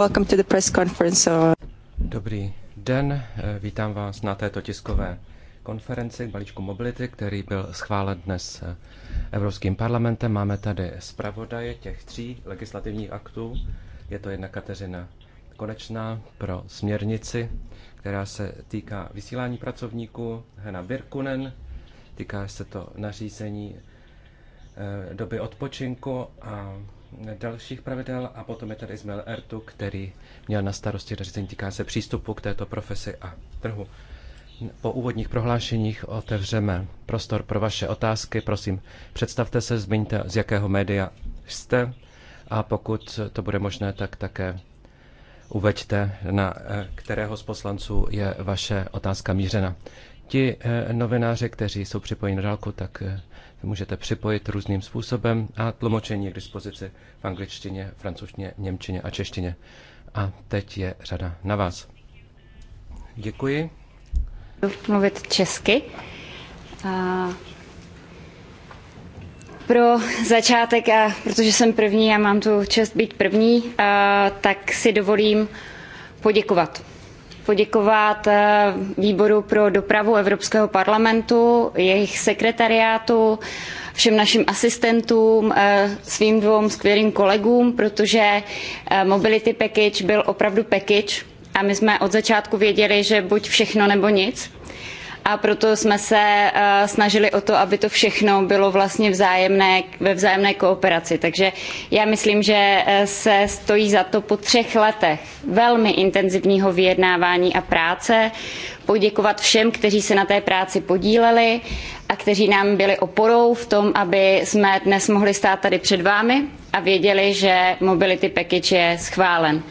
Welcome to the press conference. Dobrý den, eh, vítám vás na této tiskové konferenci k balíčku mobility, který byl schválen dnes eh, Evropským parlamentem. Máme tady zpravodaje těch tří legislativních aktů. Je to jedna Kateřina Konečná pro směrnici, která se týká vysílání pracovníků, Hena Birkunen, týká se to nařízení eh, doby odpočinku a dalších pravidel a potom je tady Ismail Ertu, který měl na starosti řízení týká se přístupu k této profesi a trhu. Po úvodních prohlášeních otevřeme prostor pro vaše otázky. Prosím, představte se, zmiňte, z jakého média jste a pokud to bude možné, tak také uveďte, na eh, kterého z poslanců je vaše otázka mířena. Ti eh, novináři, kteří jsou připojeni na dálku, tak eh, můžete připojit různým způsobem a tlumočení je k dispozici v angličtině, francouzštině, němčině a češtině. A teď je řada na vás. Děkuji. Mluvit česky. A pro začátek, a protože jsem první a mám tu čest být první, a tak si dovolím poděkovat poděkovat eh, výboru pro dopravu Evropského parlamentu, jejich sekretariátu, všem našim asistentům, eh, svým dvou skvělým kolegům, protože eh, Mobility Package byl opravdu package a my jsme od začátku věděli, že buď všechno nebo nic a proto jsme se eh, snažili o to, aby to všechno bylo vlastně vzájemné, ve vzájemné kooperaci. Takže já myslím, že eh, se stojí za to po třech letech velmi intenzivního vyjednávání a práce poděkovat všem, kteří se na té práci podíleli a kteří nám byli oporou v tom, aby jsme dnes mohli stát tady před vámi a věděli, že Mobility Package je schválen.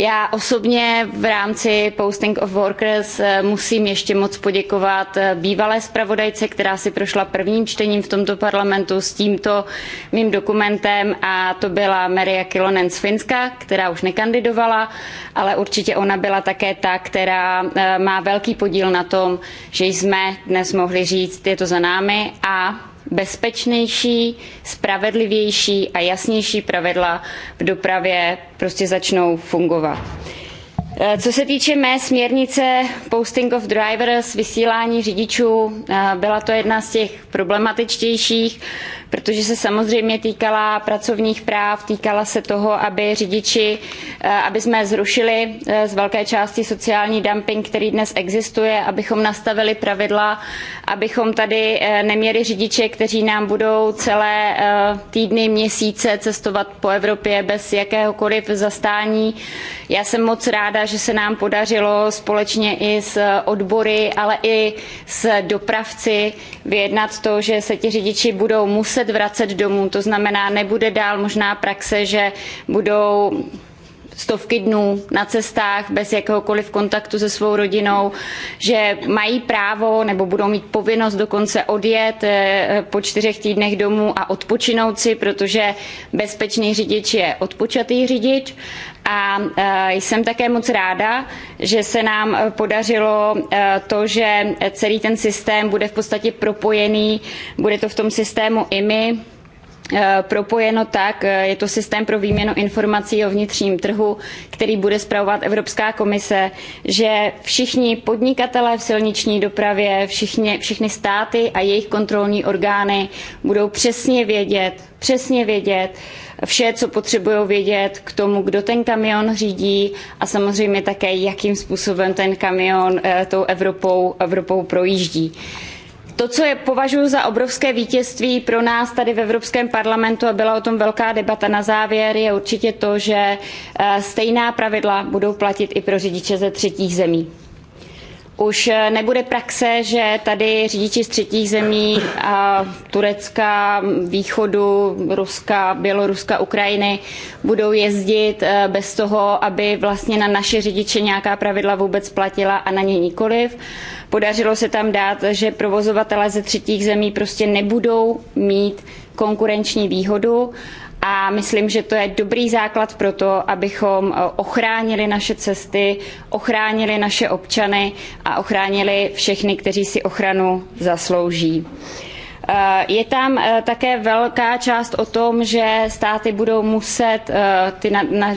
Já osobně v rámci Posting of Workers eh, musím ještě moc poděkovat eh, bývalé zpravodajce, která si prošla prvním čtením v tomto parlamentu s tímto mým dokumentem a to byla Maria Kilonen z Finska, která už nekandidovala, ale určitě ona byla také ta, která eh, má velký podíl na tom, že jsme dnes mohli říct, je to za námi a bezpečnější, spravedlivější a jasnější pravidla v dopravě prostě začnou fungovat. Eh, co se týče mé směrnice Posting of Drivers, vysílání řidičů, eh, byla to jedna z těch problematičtějších, protože se samozřejmě týkala pracovních práv, týkala se toho, aby řidiči, eh, aby jsme zrušili z velké části sociální dumping, který dnes existuje, abychom nastavili pravidla, abychom tady neměli řidiče, kteří nám budou celé týdny, měsíce cestovat po Evropě bez jakéhokoliv zastání. Já jsem moc ráda, že se nám podařilo společně i s odbory, ale i s dopravci vyjednat to, že se ti řidiči budou muset vracet domů. To znamená, nebude dál možná praxe, že budou stovky dnů na cestách bez jakéhokoliv kontaktu se svou rodinou, že mají právo nebo budou mít povinnost dokonce odjet eh, po čtyřech týdnech domů a odpočinout si, protože bezpečný řidič je odpočatý řidič. A eh, jsem také moc ráda, že se nám podařilo eh, to, že celý ten systém bude v podstatě propojený, bude to v tom systému IMI, Eh, propojeno tak, eh, je to systém pro výměnu informací o vnitřním trhu, který bude spravovat Evropská komise, že všichni podnikatelé v silniční dopravě, všichni, všechny státy a jejich kontrolní orgány budou přesně vědět, přesně vědět, vše, co potřebují vědět k tomu, kdo ten kamion řídí a samozřejmě také, jakým způsobem ten kamion eh, tou Evropou, Evropou projíždí. To, co je považuji za obrovské vítězství pro nás tady v Evropském parlamentu, a byla o tom velká debata na závěr, je určitě to, že eh, stejná pravidla budou platit i pro řidiče ze třetích zemí už eh, nebude praxe, že tady řidiči z třetích zemí a eh, Turecka, východu, Ruska, Běloruska, Ukrajiny budou jezdit eh, bez toho, aby vlastně na naše řidiče nějaká pravidla vůbec platila a na ně nikoliv. Podařilo se tam dát, že provozovatelé ze třetích zemí prostě nebudou mít konkurenční výhodu a myslím, že to je dobrý základ pro to, abychom eh, ochránili naše cesty, ochránili naše občany a ochránili všechny, kteří si ochranu zaslouží. Eh, je tam eh, také velká část o tom, že státy budou muset eh, ty, na, na,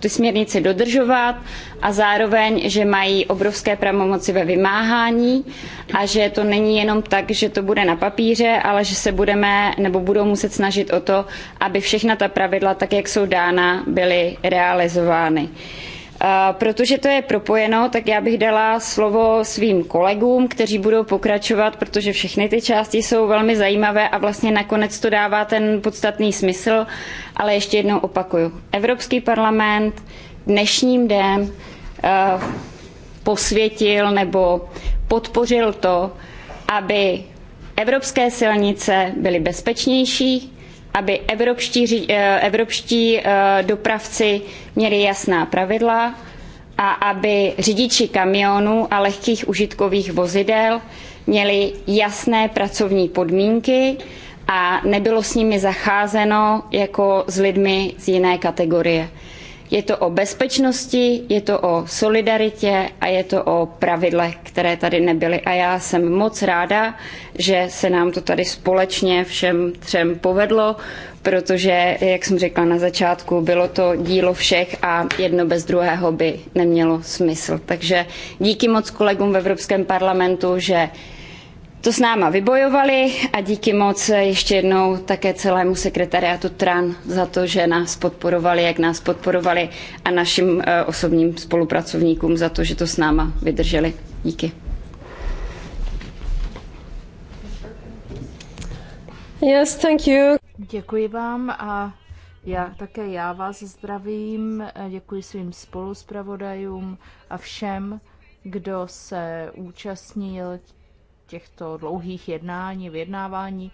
ty směrnice dodržovat a zároveň, že mají obrovské pravomoci ve vymáhání a že to není jenom tak, že to bude na papíře, ale že se budeme nebo budou muset snažit o to, aby všechna ta pravidla, tak jak jsou dána, byly realizovány. Uh, Protože to je propojeno, tak já bych dala slovo svým kolegům, kteří budou pokračovat, protože všechny ty části jsou velmi zajímavé a vlastně nakonec to dává ten podstatný smysl. Ale ještě jednou opakuju. Evropský parlament dnešním dnem eh, posvětil nebo podpořil to, aby evropské silnice byly bezpečnější, aby evropští, eh, evropští eh, dopravci měli jasná pravidla a aby řidiči kamionů a lehkých užitkových vozidel měli jasné pracovní podmínky a nebylo s nimi zacházeno jako s lidmi z jiné kategorie. Je to o bezpečnosti, je to o solidaritě a je to o pravidlech, které tady nebyly. A já jsem moc ráda, že se nám to tady společně všem třem povedlo, protože, jak jsem řekla na začátku, bylo to dílo všech a jedno bez druhého by nemělo smysl. Takže díky moc kolegům v Evropském parlamentu, že to s náma vybojovali a díky moc ještě jednou také celému sekretariátu TRAN za to, že nás podporovali, jak nás podporovali a našim eh, osobním spolupracovníkům za to, že to s náma vydrželi. Díky. Yes, thank you. Děkuji vám a já také já vás zdravím, eh, děkuji svým spoluspravodajům a všem, kdo se účastnil těchto dlouhých jednání, vyjednávání.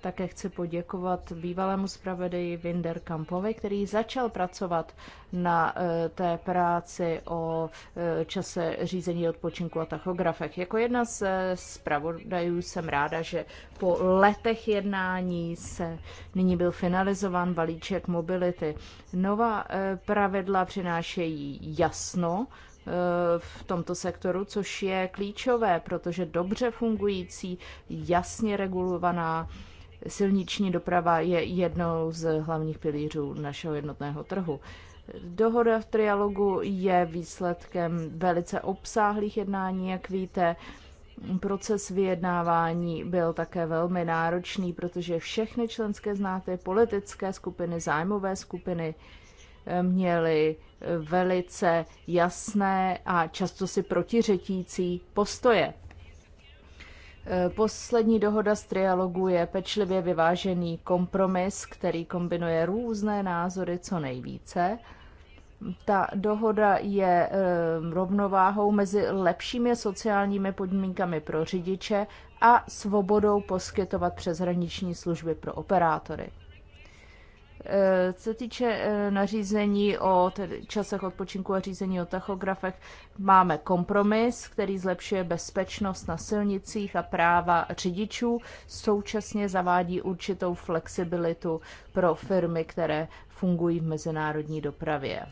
Také chci poděkovat bývalému zpravedeji Winder Kampovi, který začal pracovat na eh, té práci o eh, čase řízení odpočinku a tachografech. Jako jedna z eh, zpravodajů jsem ráda, že po letech jednání se nyní byl finalizován balíček mobility. Nová pravidla přinášejí jasno Eh, v tomto sektoru, což je klíčové, protože dobře fungující, jasně regulovaná silniční doprava je jednou z hlavních pilířů našeho jednotného trhu. Dohoda v trialogu je výsledkem velice obsáhlých jednání, jak víte. Proces vyjednávání byl také velmi náročný, protože všechny členské znáty, politické skupiny, zájmové skupiny eh, měly velice jasné a často si protiřetící postoje. E, poslední dohoda z trialogu je pečlivě vyvážený kompromis, který kombinuje různé názory co nejvíce. Ta dohoda je e, rovnováhou mezi lepšími sociálními podmínkami pro řidiče a svobodou poskytovat přeshraniční služby pro operátory. Co týče eh, nařízení o časech odpočinku a řízení o tachografech, máme kompromis, který zlepšuje bezpečnost na silnicích a práva řidičů. Současně zavádí určitou flexibilitu pro firmy, které fungují v mezinárodní dopravě.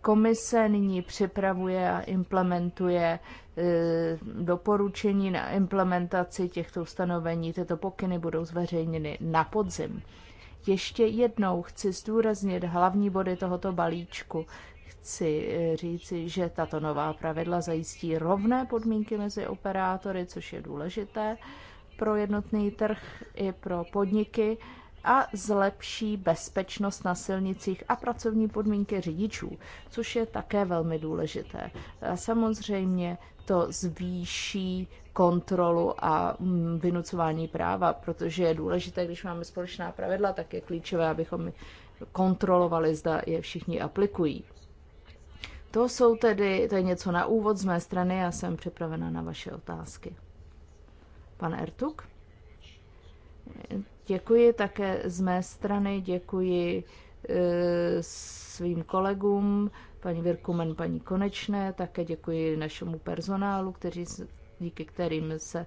Komise nyní připravuje a implementuje eh, doporučení na implementaci těchto ustanovení. Tyto pokyny budou zveřejněny na podzim. Ještě jednou chci zdůraznit hlavní body tohoto balíčku. Chci eh, říci, že tato nová pravidla zajistí rovné podmínky mezi operátory, což je důležité pro jednotný trh i pro podniky a zlepší bezpečnost na silnicích a pracovní podmínky řidičů, což je také velmi důležité. samozřejmě to zvýší kontrolu a mm, vynucování práva, protože je důležité, když máme společná pravidla, tak je klíčové, abychom kontrolovali, zda je všichni aplikují. To jsou tedy, to je něco na úvod z mé strany, já jsem připravena na vaše otázky. Pan Ertuk? Děkuji také z mé strany, děkuji e, svým kolegům, paní Virkumen, paní Konečné, také děkuji našemu personálu, kteří, díky kterým se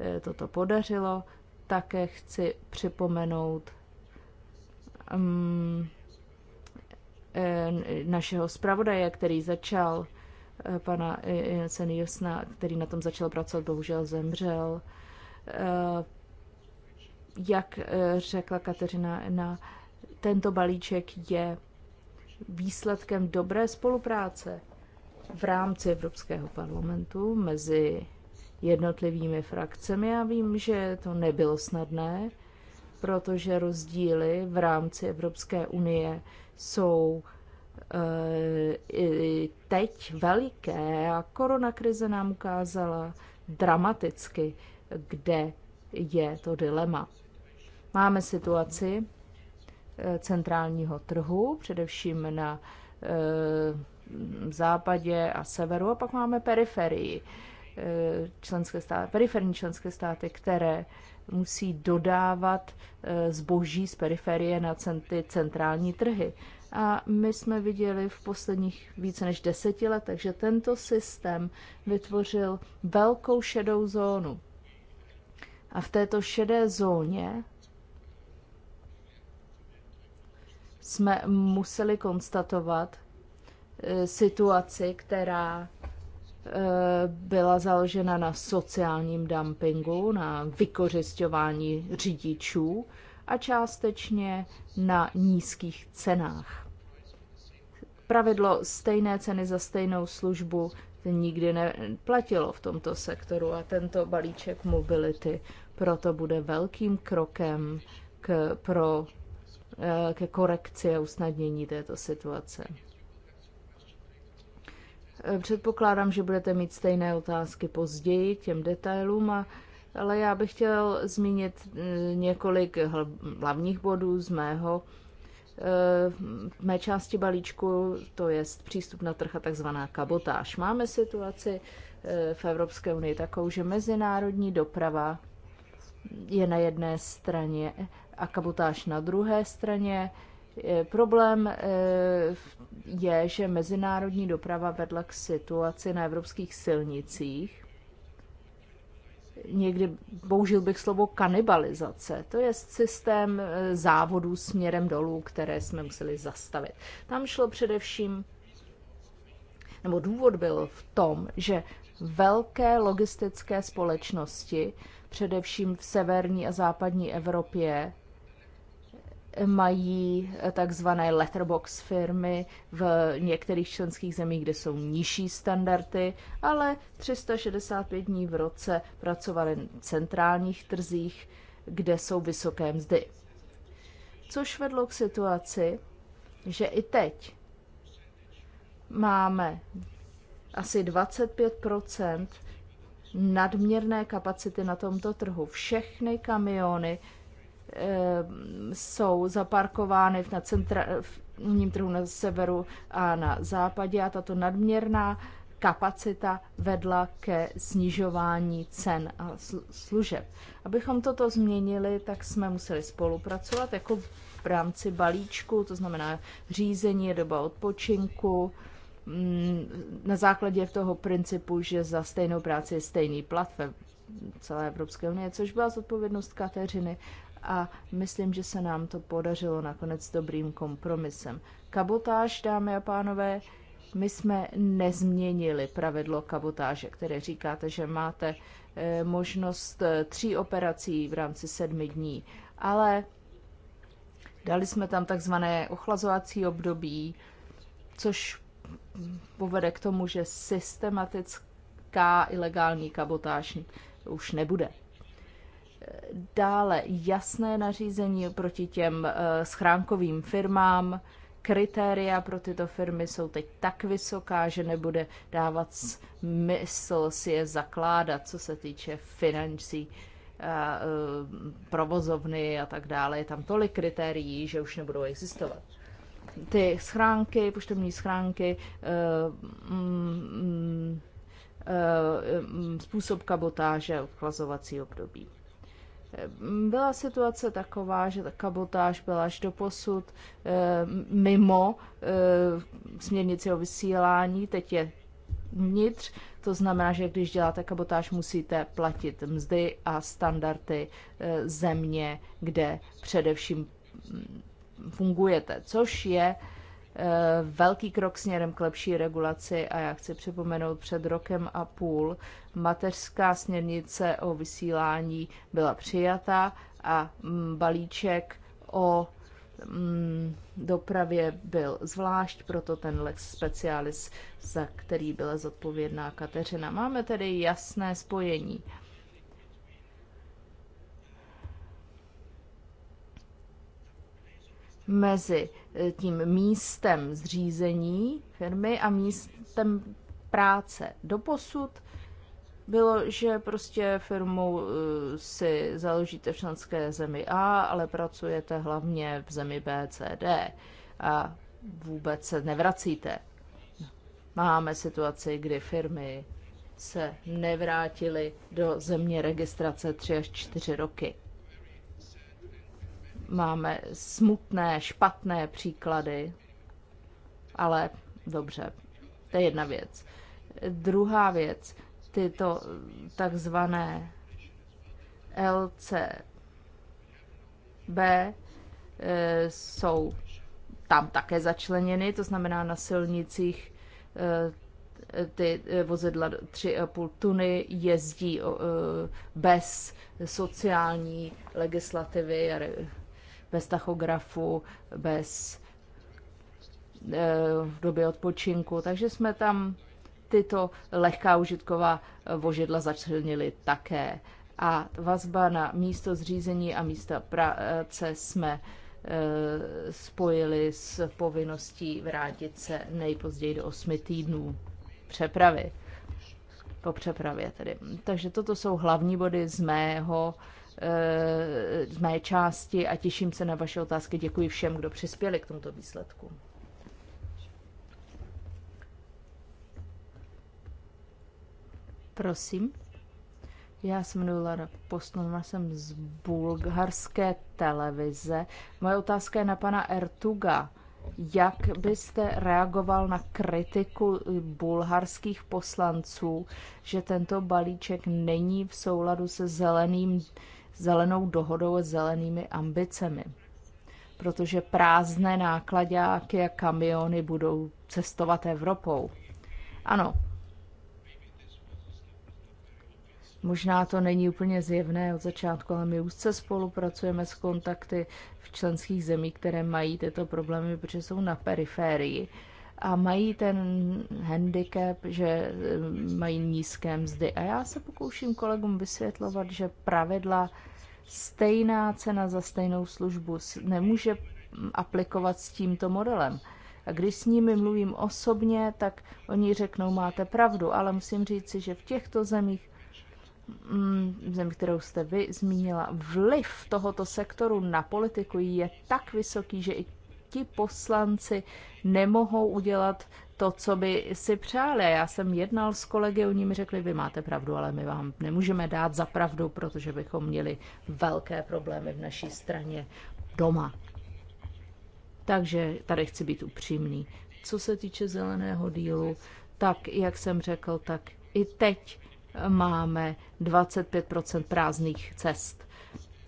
eh, toto podařilo. Také chci připomenout um, našeho zpravodaje, který začal, eh, pana Jensen Josna, který na tom začal pracovat, bohužel zemřel. Jak řekla Kateřina, na tento balíček je výsledkem dobré spolupráce v rámci Evropského parlamentu mezi jednotlivými frakcemi. Já vím, že to nebylo snadné, protože rozdíly v rámci Evropské unie jsou e, teď veliké a koronakrize nám ukázala dramaticky, kde je to dilema. Máme situaci, Eh, centrálního trhu, především na eh, západě a severu, a pak máme periferii, eh, členské státy, periferní členské státy, které musí dodávat zboží z periferie na ty centrální trhy. A my jsme viděli v posledních více než deseti letech, že tento systém vytvořil velkou šedou zónu. A v této šedé zóně jsme museli konstatovat e, situaci, která e, byla založena na sociálním dumpingu, na vykořišťování řidičů a částečně na nízkých cenách. Pravidlo stejné ceny za stejnou službu nikdy neplatilo v tomto sektoru a tento balíček mobility proto bude velkým krokem k, pro Eh, ke korekci a usnadnění této situace. Eh, předpokládám, že budete mít stejné otázky později k těm detailům, a, ale já bych chtěl zmínit eh, několik hlavních bodů z mého v mé části balíčku, to je přístup na trh a takzvaná kabotáž. Máme situaci v Evropské unii takovou, že mezinárodní doprava je na jedné straně a kabotáž na druhé straně. Eh, problém eh, je, že mezinárodní doprava vedla k situaci na evropských silnicích. Někdy použil bych slovo kanibalizace. To je systém eh, závodů směrem dolů, které jsme museli zastavit. Tam šlo především, nebo důvod byl v tom, že velké logistické společnosti, především v severní a západní Evropě, mají eh, takzvané letterbox firmy v některých členských zemích, kde jsou nižší standardy, ale 365 dní v roce pracovali na centrálních trzích, kde jsou vysoké mzdy. Což vedlo k situaci, že i teď máme asi 25 nadměrné kapacity na tomto trhu. Všechny kamiony Eh, jsou zaparkovány na v ním trhu na severu a na západě a tato nadměrná kapacita vedla ke snižování cen a služeb. Abychom toto změnili, tak jsme museli spolupracovat jako v rámci balíčku, to znamená řízení, doba odpočinku, mm, na základě toho principu, že za stejnou práci je stejný plat ve celé Evropské unie, což byla zodpovědnost Kateřiny a myslím, že se nám to podařilo nakonec dobrým kompromisem. Kabotáž, dámy a pánové, my jsme nezměnili pravidlo kabotáže, které říkáte, že máte eh, možnost eh, tří operací v rámci sedmi dní, ale dali jsme tam takzvané ochlazovací období, což povede k tomu, že systematická ilegální kabotáž už nebude. Dále jasné nařízení proti těm eh, schránkovým firmám. Kritéria pro tyto firmy jsou teď tak vysoká, že nebude dávat smysl si je zakládat, co se týče financí, eh, eh, provozovny a tak dále. Je tam tolik kritérií, že už nebudou existovat ty schránky, poštovní schránky, mm, mm, mm, způsob kabotáže, odklazovací období. Byla situace taková, že ta kabotáž byla až do posud eh, mimo eh, směrnici o vysílání, teď je vnitř, to znamená, že když děláte kabotáž, musíte platit mzdy a standardy eh, země, kde především hm, fungujete, což je Eh, velký krok směrem k lepší regulaci a já chci připomenout, před rokem a půl mateřská směrnice o vysílání byla přijata a mm, balíček o mm, dopravě byl zvlášť, proto ten lex specialis, za který byla zodpovědná Kateřina. Máme tedy jasné spojení. mezi eh, tím místem zřízení firmy a místem práce. Doposud bylo, že prostě firmu eh, si založíte v členské zemi A, ale pracujete hlavně v zemi B, C, D a vůbec se nevracíte. Máme situaci, kdy firmy se nevrátily do země registrace 3 až 4 roky. Máme smutné, špatné příklady, ale dobře, to je jedna věc. Druhá věc, tyto takzvané LCB eh, jsou tam také začleněny, to znamená na silnicích eh, ty eh, vozidla 3,5 tuny jezdí bez sociální legislativy a bez tachografu, bez eh, doby odpočinku, takže jsme tam tyto lehká užitková eh, vožidla začlenili také. A vazba na místo zřízení a místa práce jsme eh, spojili s povinností vrátit se nejpozději do 8 týdnů přepravy. Po přepravě tedy. Takže toto jsou hlavní body z mého Eh, z mé části a těším se na vaše otázky. Děkuji všem, kdo přispěli k tomuto výsledku. Prosím. Já jsem Lara Postnova, jsem z bulgarské televize. Moje otázka je na pana Ertuga. Jak byste reagoval na kritiku bulharských poslanců, že tento balíček není v souladu se zeleným zelenou dohodou a zelenými ambicemi. Protože prázdné nákladáky a kamiony budou cestovat Evropou. Ano, Možná to není úplně zjevné od začátku, ale my úzce spolupracujeme s kontakty v členských zemí, které mají tyto problémy, protože jsou na periférii a mají ten handicap, že eh, mají nízké mzdy. A já se pokouším kolegům vysvětlovat, že pravidla stejná cena za stejnou službu nemůže mm, aplikovat s tímto modelem. A když s nimi mluvím osobně, tak oni řeknou, máte pravdu, ale musím říci, že v těchto zemích, mm, zem, kterou jste vy zmínila, vliv tohoto sektoru na politiku je tak vysoký, že i ti poslanci nemohou udělat to, co by si přáli. Já jsem jednal s kolegy, oni mi řekli, vy máte pravdu, ale my vám nemůžeme dát za pravdu, protože bychom měli velké problémy v naší straně doma. Takže tady chci být upřímný. Co se týče zeleného dílu, tak, jak jsem řekl, tak i teď máme 25 prázdných cest.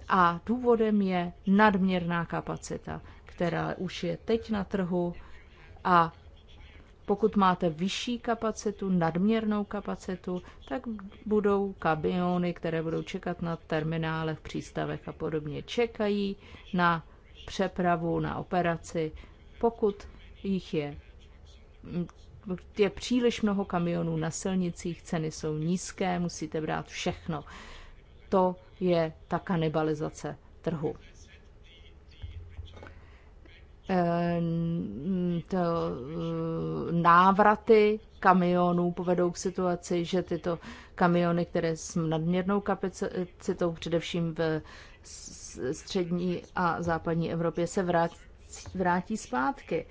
A důvodem je nadměrná kapacita která už je teď na trhu a pokud máte vyšší kapacitu, nadměrnou kapacitu, tak budou kabiony, které budou čekat na terminálech, přístavech a podobně. Čekají na přepravu, na operaci. Pokud jich je, je příliš mnoho kamionů na silnicích, ceny jsou nízké, musíte brát všechno. To je ta kanibalizace trhu to, eh, návraty kamionů povedou k situaci, že tyto kamiony, které s nadměrnou kapacitou, především v střední a západní Evropě, se vrátí, vrátí zpátky.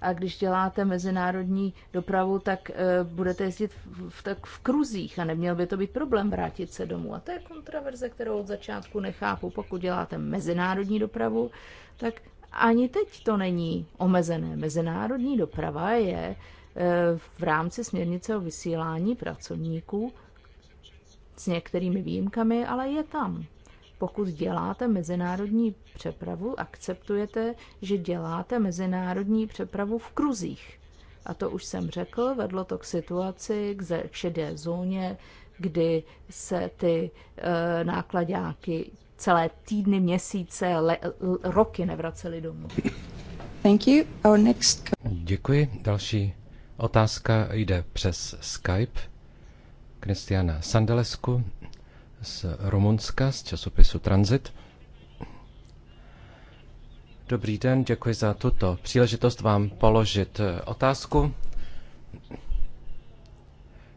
A když děláte mezinárodní dopravu, tak eh, budete jezdit v, tak v kruzích a neměl by to být problém vrátit se domů. A to je kontraverze, kterou od začátku nechápu. Pokud děláte mezinárodní dopravu, tak ani teď to není omezené. Mezinárodní doprava je e, v rámci směrnice o vysílání pracovníků s některými výjimkami, ale je tam. Pokud děláte mezinárodní přepravu, akceptujete, že děláte mezinárodní přepravu v kruzích. A to už jsem řekl, vedlo to k situaci, k šedé zóně, kdy se ty e, nákladáky celé týdny, měsíce, le, roky nevraceli domů. Thank you. Our next... Děkuji. Další otázka jde přes Skype. Kristiana Sandelesku z Rumunska, z časopisu Transit. Dobrý den, děkuji za tuto příležitost vám položit eh, otázku.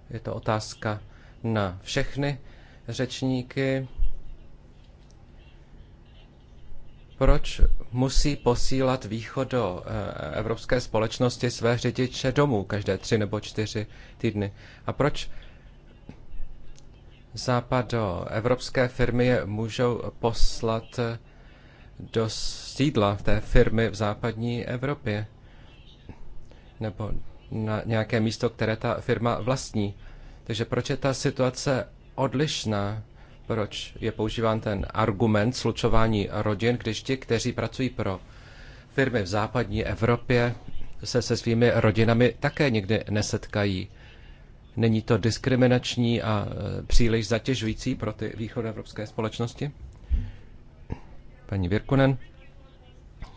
Je to otázka na všechny řečníky. proč musí posílat východ do eh, evropské společnosti své řidiče domů každé tři nebo čtyři týdny? A proč do evropské firmy je můžou poslat eh, do sídla té firmy v západní Evropě? Nebo na nějaké místo, které ta firma vlastní. Takže proč je ta situace odlišná? proč je používán ten argument slučování rodin, když ti, kteří pracují pro firmy v západní Evropě, se se svými rodinami také nikdy nesetkají. Není to diskriminační a e, příliš zatěžující pro ty východoevropské společnosti? Paní Virkunen,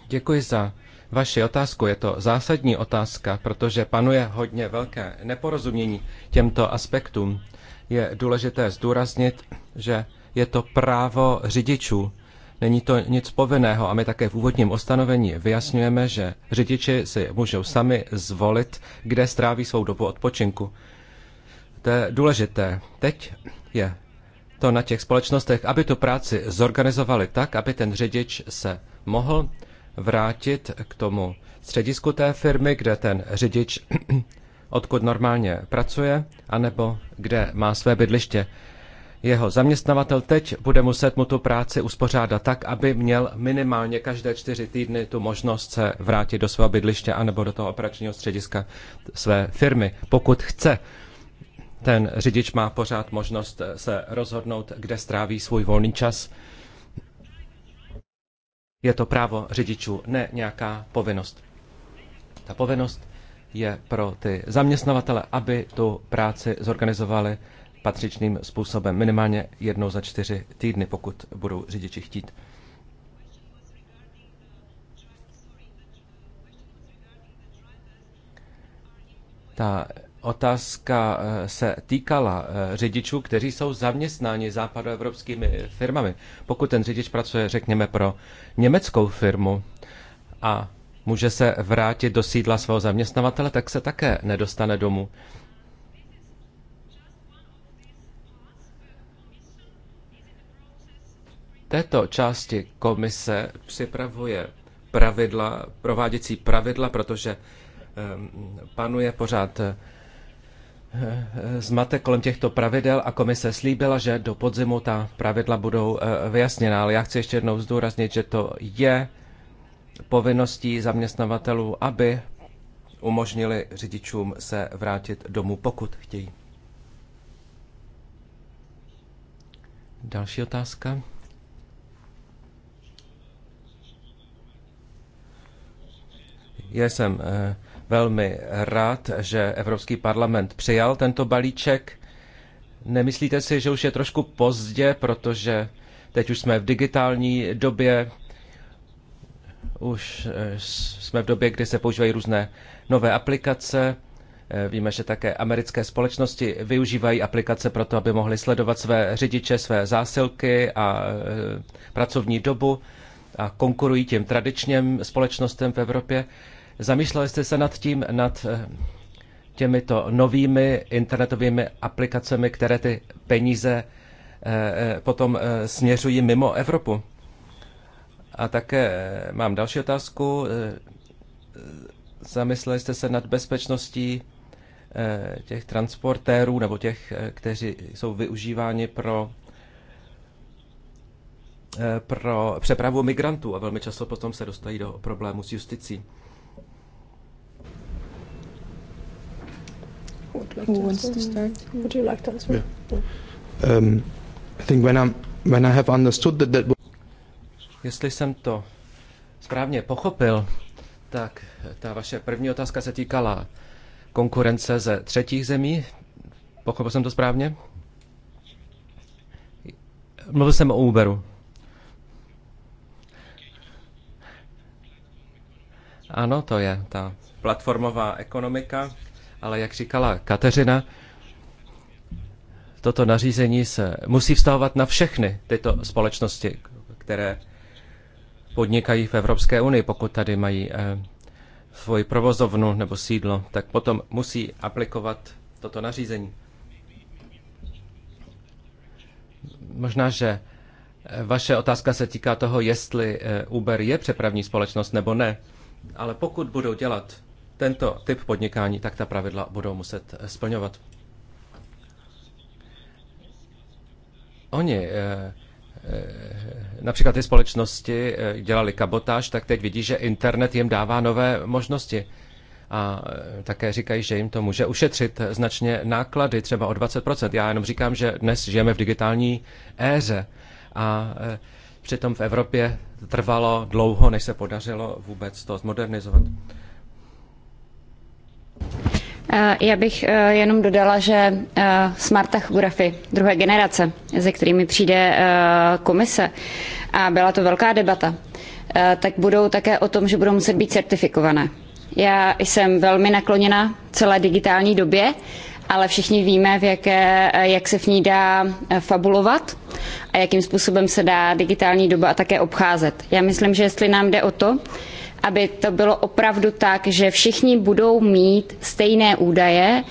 děkuji za vaši otázku. Je to zásadní otázka, protože panuje hodně velké neporozumění těmto aspektům je důležité zdůraznit, že je to právo řidičů. Není to nic povinného a my také v úvodním ustanovení vyjasňujeme, že řidiči si můžou sami zvolit, kde stráví svou dobu odpočinku. To je důležité. Teď je to na těch společnostech, aby tu práci zorganizovali tak, aby ten řidič se mohl vrátit k tomu středisku té firmy, kde ten řidič odkud normálně pracuje, anebo kde má své bydliště. Jeho zaměstnavatel teď bude muset mu tu práci uspořádat tak, aby měl minimálně každé čtyři týdny tu možnost se vrátit do svého bydliště anebo do toho operačního střediska své firmy, pokud chce. Ten řidič má pořád možnost se rozhodnout, kde stráví svůj volný čas. Je to právo řidičů, ne nějaká povinnost. Ta povinnost je pro ty zaměstnavatele, aby tu práci zorganizovali patřičným způsobem, minimálně jednou za čtyři týdny, pokud budou řidiči chtít. Ta otázka eh, se týkala eh, řidičů, kteří jsou zaměstnáni západoevropskými firmami. Pokud ten řidič pracuje, řekněme, pro německou firmu a může se vrátit do sídla svého zaměstnavatele, tak se také nedostane domů. Této části komise připravuje pravidla, prováděcí pravidla, protože ehm, panuje pořád eh, eh, zmatek kolem těchto pravidel a komise slíbila, že do podzimu ta pravidla budou eh, vyjasněna, ale já chci ještě jednou zdůraznit, že to je povinností zaměstnavatelů, aby umožnili řidičům se vrátit domů, pokud chtějí. Další otázka. Já jsem eh, velmi rád, že Evropský parlament přijal tento balíček. Nemyslíte si, že už je trošku pozdě, protože teď už jsme v digitální době, už eh, jsme v době, kdy se používají různé nové aplikace. Eh, víme, že také americké společnosti využívají aplikace pro to, aby mohly sledovat své řidiče, své zásilky a eh, pracovní dobu a konkurují těm tradičním společnostem v Evropě. Zamýšleli jste se nad tím, nad těmito novými internetovými aplikacemi, které ty peníze potom směřují mimo Evropu? A také eh, mám další otázku. Eh, zamysleli jste se nad bezpečností eh, těch transportérů nebo těch, kteří jsou využíváni pro pro přepravu migrantů a velmi často potom se dostají do problémů s justicí. Who like to start? Would you like to answer? Yeah. Um, I think when, I'm, when I have understood that that Jestli jsem to správně pochopil, tak ta vaše první otázka se týkala konkurence ze třetích zemí. Pochopil jsem to správně? Mluvil jsem o Uberu. Ano, to je ta platformová ekonomika, ale jak říkala Kateřina, toto nařízení se musí vztahovat na všechny tyto společnosti, které podnikají v Evropské unii, pokud tady mají eh, svoji provozovnu nebo sídlo, tak potom musí aplikovat toto nařízení. Možná, že eh, vaše otázka se týká toho, jestli eh, Uber je přepravní společnost nebo ne, ale pokud budou dělat tento typ podnikání, tak ta pravidla budou muset splňovat. Oni Eh, například ty společnosti eh, dělali kabotáž, tak teď vidí, že internet jim dává nové možnosti. A eh, také říkají, že jim to může ušetřit značně náklady, třeba o 20%. Já jenom říkám, že dnes žijeme v digitální éře a přitom v Evropě trvalo dlouho, než se podařilo vůbec to zmodernizovat. Eh, já bych eh, jenom dodala, že eh, smart tachografy druhé generace, ze kterými přijde komise, a byla to velká debata, tak budou také o tom, že budou muset být certifikované. Já jsem velmi nakloněna celé digitální době, ale všichni víme, v jaké, jak se v ní dá fabulovat a jakým způsobem se dá digitální doba také obcházet. Já myslím, že jestli nám jde o to, aby to bylo opravdu tak, že všichni budou mít stejné údaje,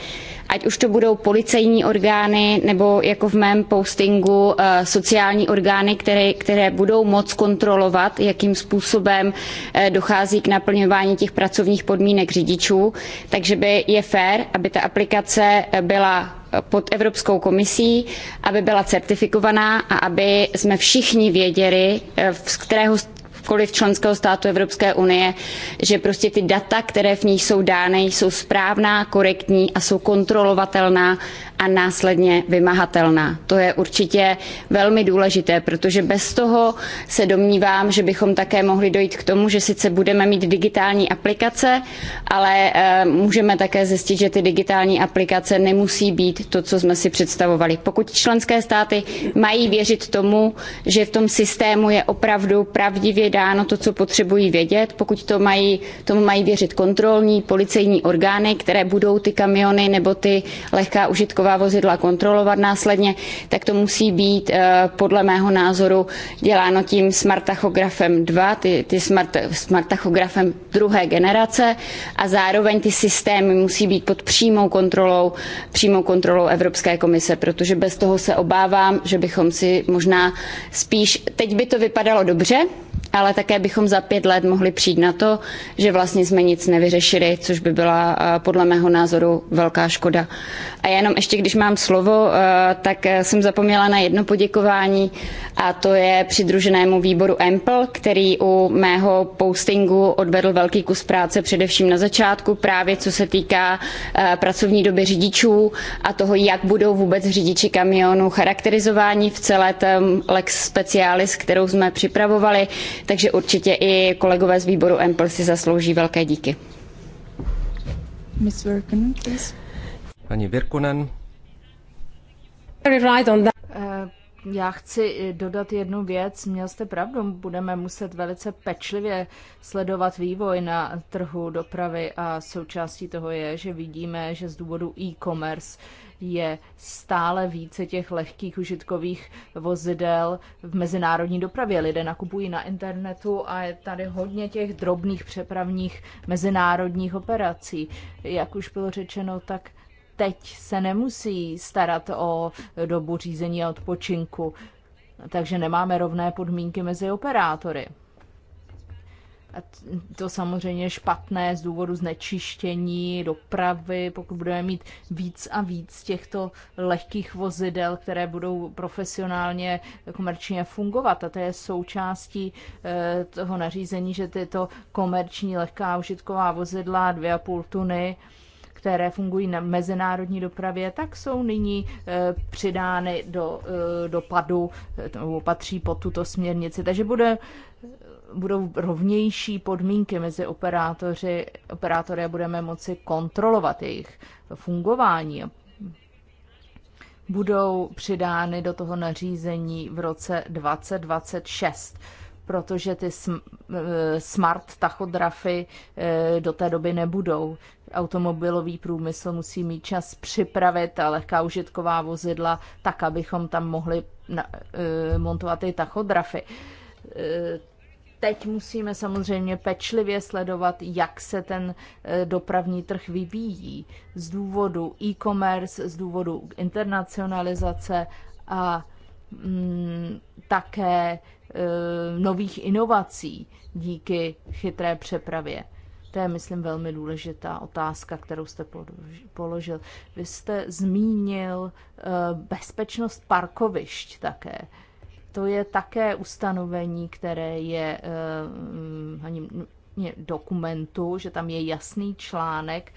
ať už to budou policejní orgány nebo jako v mém postingu eh, sociální orgány, které, které budou moc kontrolovat, jakým způsobem eh, dochází k naplňování těch pracovních podmínek řidičů. Takže by je fér, aby ta aplikace eh, byla pod Evropskou komisí, aby byla certifikovaná a aby jsme všichni věděli, z kterého jakéhokoliv členského státu Evropské unie, že prostě ty data, které v nich jsou dány, jsou správná, korektní a jsou kontrolovatelná a následně vymahatelná. To je určitě velmi důležité, protože bez toho se domnívám, že bychom také mohli dojít k tomu, že sice budeme mít digitální aplikace, ale eh, můžeme také zjistit, že ty digitální aplikace nemusí být to, co jsme si představovali. Pokud členské státy mají věřit tomu, že v tom systému je opravdu pravdivě dáno to, co potřebují vědět, pokud to mají, tomu mají věřit kontrolní, policejní orgány, které budou ty kamiony nebo ty lehká užitková taková vozidla kontrolovat následně, tak to musí být eh, podle mého názoru děláno tím smartachografem 2, ty, ty smart, smartachografem druhé generace a zároveň ty systémy musí být pod přímou kontrolou, přímou kontrolou Evropské komise, protože bez toho se obávám, že bychom si možná spíš, teď by to vypadalo dobře, ale také bychom za pět let mohli přijít na to, že vlastně jsme nic nevyřešili, což by byla eh, podle mého názoru velká škoda. A jenom ještě, když mám slovo, eh, tak eh, jsem zapomněla na jedno poděkování a to je přidruženému výboru EMPL, který u mého postingu odvedl velký kus práce především na začátku, právě co se týká pracovní doby řidičů a toho, jak budou vůbec řidiči kamionů charakterizováni v celé tom mm, lex specialis, kterou jsme připravovali takže určitě i kolegové z výboru EMPL si zaslouží velké díky. Paní Virkunen, já chci eh, dodat jednu věc. Měl jste pravdu, budeme muset velice pečlivě sledovat vývoj na trhu dopravy a součástí toho je, že vidíme, že z důvodu e-commerce je stále více těch lehkých užitkových vozidel v mezinárodní dopravě. Lidé nakupují na internetu a je tady hodně těch drobných přepravních mezinárodních operací. Jak už bylo řečeno, tak teď se nemusí starat o dobu řízení a odpočinku, takže nemáme rovné podmínky mezi operátory. A to samozřejmě špatné z důvodu znečištění, dopravy, pokud budeme mít víc a víc těchto lehkých vozidel, které budou profesionálně, komerčně fungovat. A to je součástí eh, toho nařízení, že tyto komerční lehká užitková vozidla 2,5 tuny které fungují na mezinárodní dopravě, tak jsou nyní e, přidány do e, dopadu, e, patří pod tuto směrnici. Takže bude budou rovnější podmínky mezi operátoři, operátory a budeme moci kontrolovat jejich fungování. Budou přidány do toho nařízení v roce 2026 protože ty eh, smart tachografy eh, do té doby nebudou. Automobilový průmysl musí mít čas připravit a lehká užitková vozidla tak, abychom tam mohli eh, montovat ty tachografy. Teď musíme samozřejmě pečlivě sledovat, jak se ten dopravní trh vyvíjí z důvodu e-commerce, z důvodu internacionalizace a mm, také Eh, nových inovací díky chytré přepravě. To je, myslím, velmi důležitá otázka, kterou jste položil. Vy jste zmínil eh, bezpečnost parkovišť také. To je také ustanovení, které je eh, ani dokumentu, že tam je jasný článek,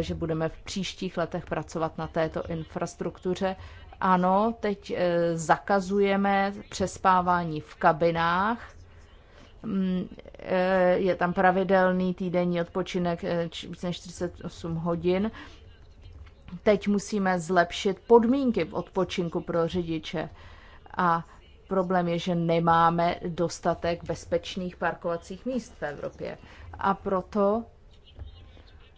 že budeme v příštích letech pracovat na této infrastruktuře ano, teď eh, zakazujeme přespávání v kabinách. Mm, eh, je tam pravidelný týdenní odpočinek eh, než 48 hodin. Teď musíme zlepšit podmínky v odpočinku pro řidiče. A problém je, že nemáme dostatek bezpečných parkovacích míst v Evropě. A proto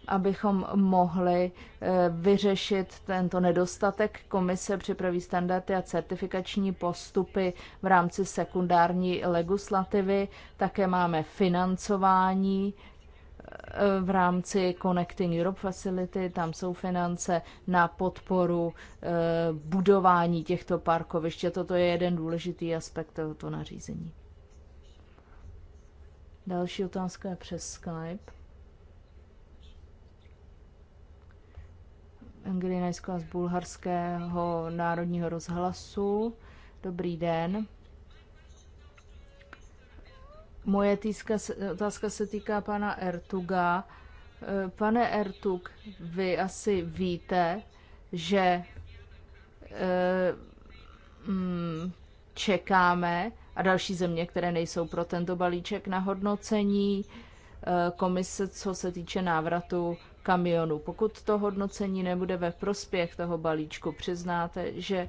abychom mohli eh, vyřešit tento nedostatek. Komise připraví standardy a certifikační postupy v rámci sekundární legislativy. Také máme financování eh, v rámci Connecting Europe Facility. Tam jsou finance na podporu eh, budování těchto parkoviště. Toto je jeden důležitý aspekt tohoto nařízení. Další otázka je přes Skype. Angelina Jiskla z bulharského národního rozhlasu. Dobrý den. Moje týzka, otázka se týká pana Ertuga. Eh, pane Ertug, vy asi víte, že eh, mm, čekáme a další země, které nejsou pro tento balíček na hodnocení eh, komise, co se týče návratu kamionů. Pokud to hodnocení nebude ve prospěch toho balíčku, přiznáte, že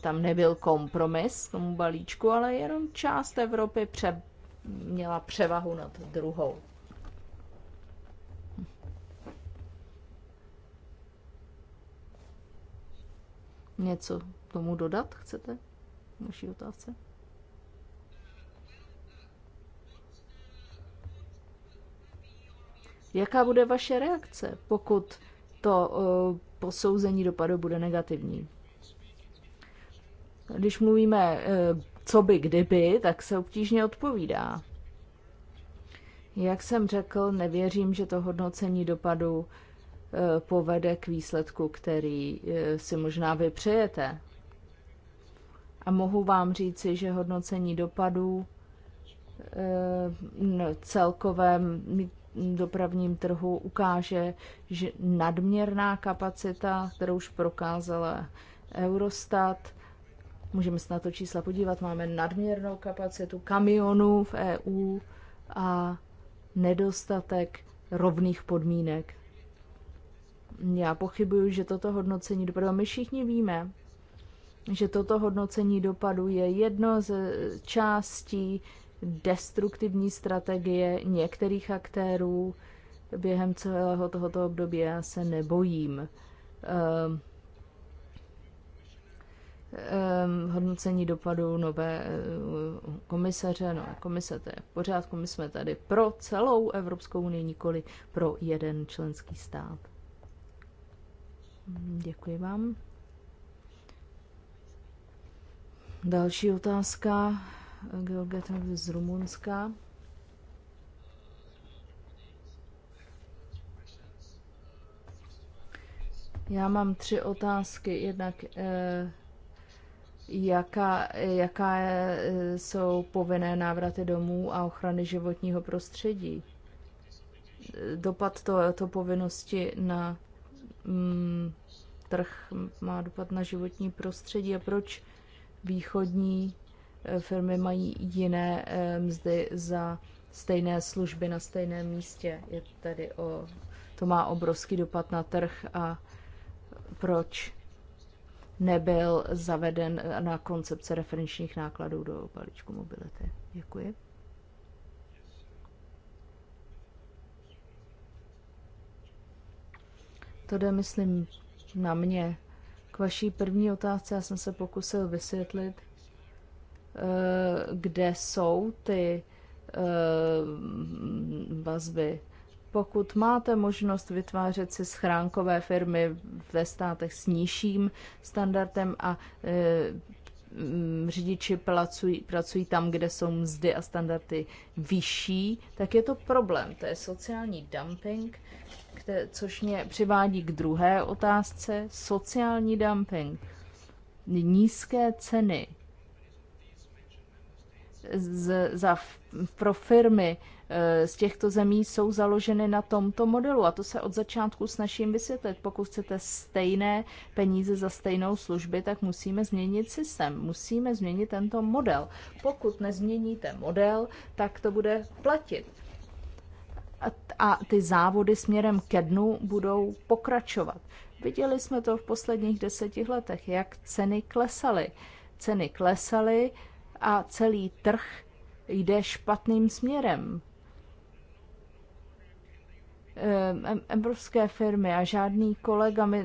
tam nebyl kompromis k tomu balíčku, ale jenom část Evropy pře- měla převahu nad druhou. Něco tomu dodat chcete? Vaší otázce? Jaká bude vaše reakce, pokud to eh, posouzení dopadu bude negativní? Když mluvíme eh, co by kdyby, tak se obtížně odpovídá. Jak jsem řekl, nevěřím, že to hodnocení dopadu eh, povede k výsledku, který si možná vy přejete. A mohu vám říci, že hodnocení dopadů celkové dopravním trhu ukáže, že nadměrná kapacita, kterou už prokázala Eurostat, můžeme se na to čísla podívat, máme nadměrnou kapacitu kamionů v EU a nedostatek rovných podmínek. Já pochybuju, že toto hodnocení dopadu, my všichni víme, že toto hodnocení dopadu je jedno z částí destruktivní strategie některých aktérů během celého tohoto období. Já se nebojím. Um, um, hodnocení dopadu nové eh, komisaře, no komise, to je v pořádku, my jsme tady pro celou Evropskou unii, nikoli pro jeden členský stát. Děkuji vám. Další otázka. Georgia z Rumunska. Já mám tři otázky. Jednak, eh, jaká, jaká eh, jsou povinné návraty domů a ochrany životního prostředí? Dopad to, to povinnosti na mm, trh má dopad na životní prostředí a proč východní firmy mají jiné eh, mzdy za stejné služby na stejném místě. Je tady o, to má obrovský dopad na trh a proč nebyl zaveden na koncepce referenčních nákladů do balíčku mobility. Děkuji. To jde, myslím, na mě. K vaší první otázce já jsem se pokusil vysvětlit, Eh, kde jsou ty eh, vazby. Pokud máte možnost vytvářet si schránkové firmy ve státech s nižším standardem a eh, řidiči pracují, pracují tam, kde jsou mzdy a standardy vyšší, tak je to problém. To je sociální dumping, které, což mě přivádí k druhé otázce. Sociální dumping. Nízké ceny z, za, pro firmy eh, z těchto zemí jsou založeny na tomto modelu. A to se od začátku snažím vysvětlit. Pokud chcete stejné peníze za stejnou služby, tak musíme změnit systém, musíme změnit tento model. Pokud nezměníte model, tak to bude platit. A ty závody směrem ke dnu budou pokračovat. Viděli jsme to v posledních deseti letech, jak ceny klesaly. Ceny klesaly, a celý trh jde špatným směrem. Evropské firmy a žádný kolega mi,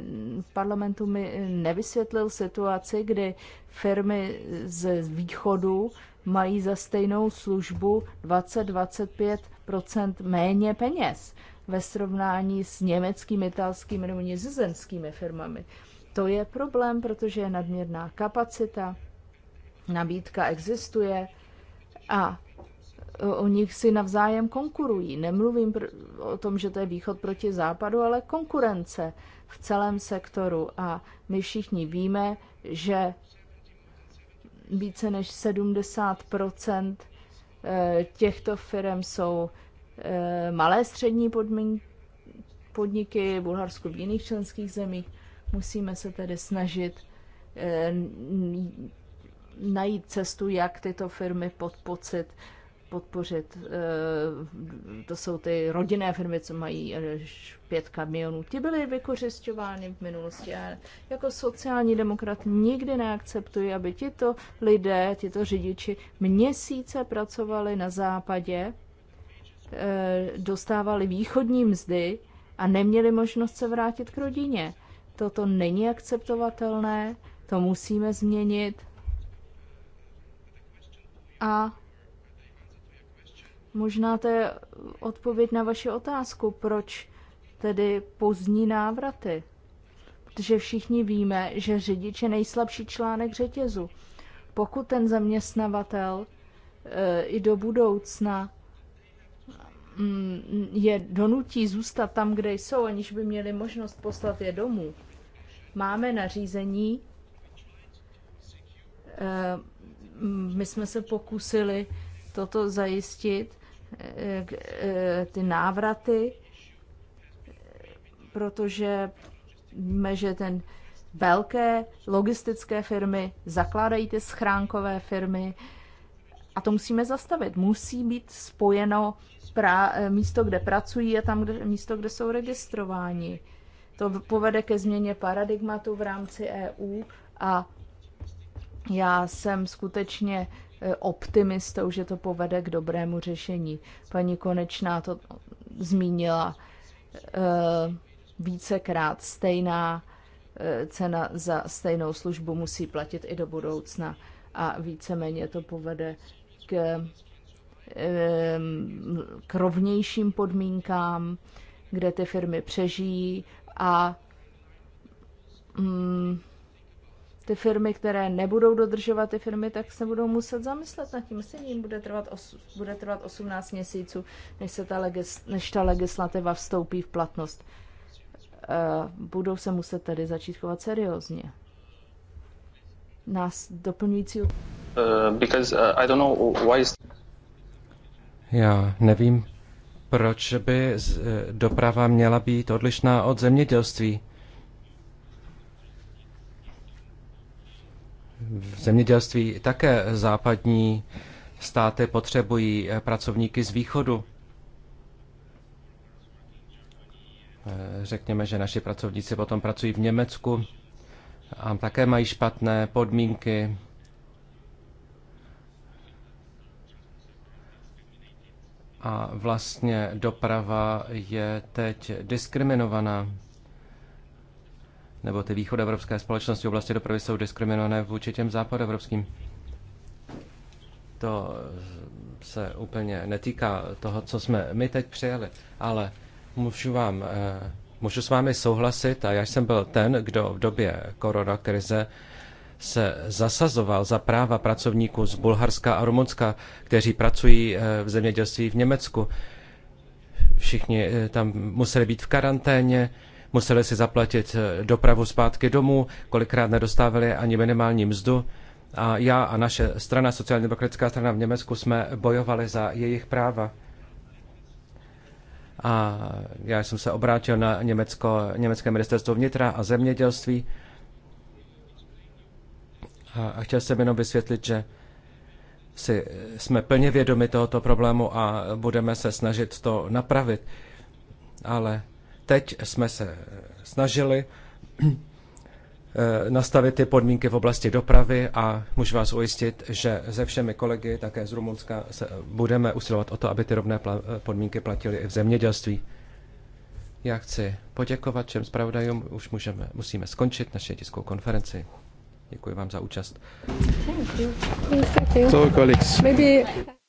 parlamentu mi nevysvětlil situaci, kdy firmy z východu mají za stejnou službu 20-25 méně peněz ve srovnání s německými, italskými nebo nizozemskými firmami. To je problém, protože je nadměrná kapacita nabídka existuje a o nich si navzájem konkurují. Nemluvím o tom, že to je východ proti západu, ale konkurence v celém sektoru. A my všichni víme, že více než 70 e, těchto firm jsou e, malé střední podmín, podniky v Bulharsku v jiných členských zemích. Musíme se tedy snažit e, najít cestu, jak tyto firmy pocit podpořit. Eh, to jsou ty rodinné firmy, co mají eh, pět kamionů. Ti byly vykořišťovány v minulosti. A jako sociální demokrat nikdy neakceptuji, aby tito lidé, tito řidiči měsíce pracovali na západě, eh, dostávali východní mzdy a neměli možnost se vrátit k rodině. Toto není akceptovatelné, to musíme změnit a možná to je odpověď na vaši otázku, proč tedy pozdní návraty. Protože všichni víme, že řidič je nejslabší článek řetězu. Pokud ten zaměstnavatel eh, i do budoucna mm, je donutí zůstat tam, kde jsou, aniž by měli možnost poslat je domů. Máme nařízení, eh, my jsme se pokusili toto zajistit, eh, ty návraty, protože víme, že ten velké logistické firmy zakládají ty schránkové firmy a to musíme zastavit. Musí být spojeno pra, místo, kde pracují a tam kde, místo, kde jsou registrováni. To povede ke změně paradigmatu v rámci EU a já jsem skutečně e, optimistou, že to povede k dobrému řešení. Paní Konečná to zmínila e, vícekrát. Stejná e, cena za stejnou službu musí platit i do budoucna a víceméně to povede k, k rovnějším podmínkám, kde ty firmy přežijí a mm, ty firmy, které nebudou dodržovat ty firmy, tak se budou muset zamyslet nad tím. Myslím, jim bude trvat, os, bude trvat 18 měsíců, než, se ta legis, než ta legislativa vstoupí v platnost. Eh, budou se muset tedy začít chovat seriózně. Nás doplňující... Eh, because eh, I don't know why is... Já nevím, proč by doprava měla být odlišná od zemědělství v zemědělství také západní státy potřebují eh, pracovníky z východu. Eh, řekněme, že naši pracovníci potom pracují v Německu a také mají špatné podmínky. A vlastně doprava je teď diskriminovaná nebo ty východoevropské společnosti v oblasti dopravy jsou diskriminované vůči těm západoevropským. To se úplně netýká toho, co jsme my teď přijali, ale můžu vám, eh, můžu s vámi souhlasit a já jsem byl ten, kdo v době koronakrize se zasazoval za práva pracovníků z Bulharska a Rumunska, kteří pracují eh, v zemědělství v Německu. Všichni eh, tam museli být v karanténě, museli si zaplatit eh, dopravu zpátky domů, kolikrát nedostávali ani minimální mzdu. A já a naše strana, sociálně demokratická strana v Německu, jsme bojovali za jejich práva. A já jsem se obrátil na Německo, Německé ministerstvo vnitra a zemědělství a, a chtěl jsem jenom vysvětlit, že si, eh, jsme plně vědomi tohoto problému a budeme se snažit to napravit. Ale Teď jsme se eh, snažili eh, nastavit ty podmínky v oblasti dopravy a můžu vás ujistit, že se všemi kolegy, také z Rumunska, se eh, budeme usilovat o to, aby ty rovné podmínky platily i v zemědělství. Já chci poděkovat všem zpravodajům, už můžeme, musíme skončit naši tiskovou konferenci. Děkuji vám za účast. Thank you. Thank you.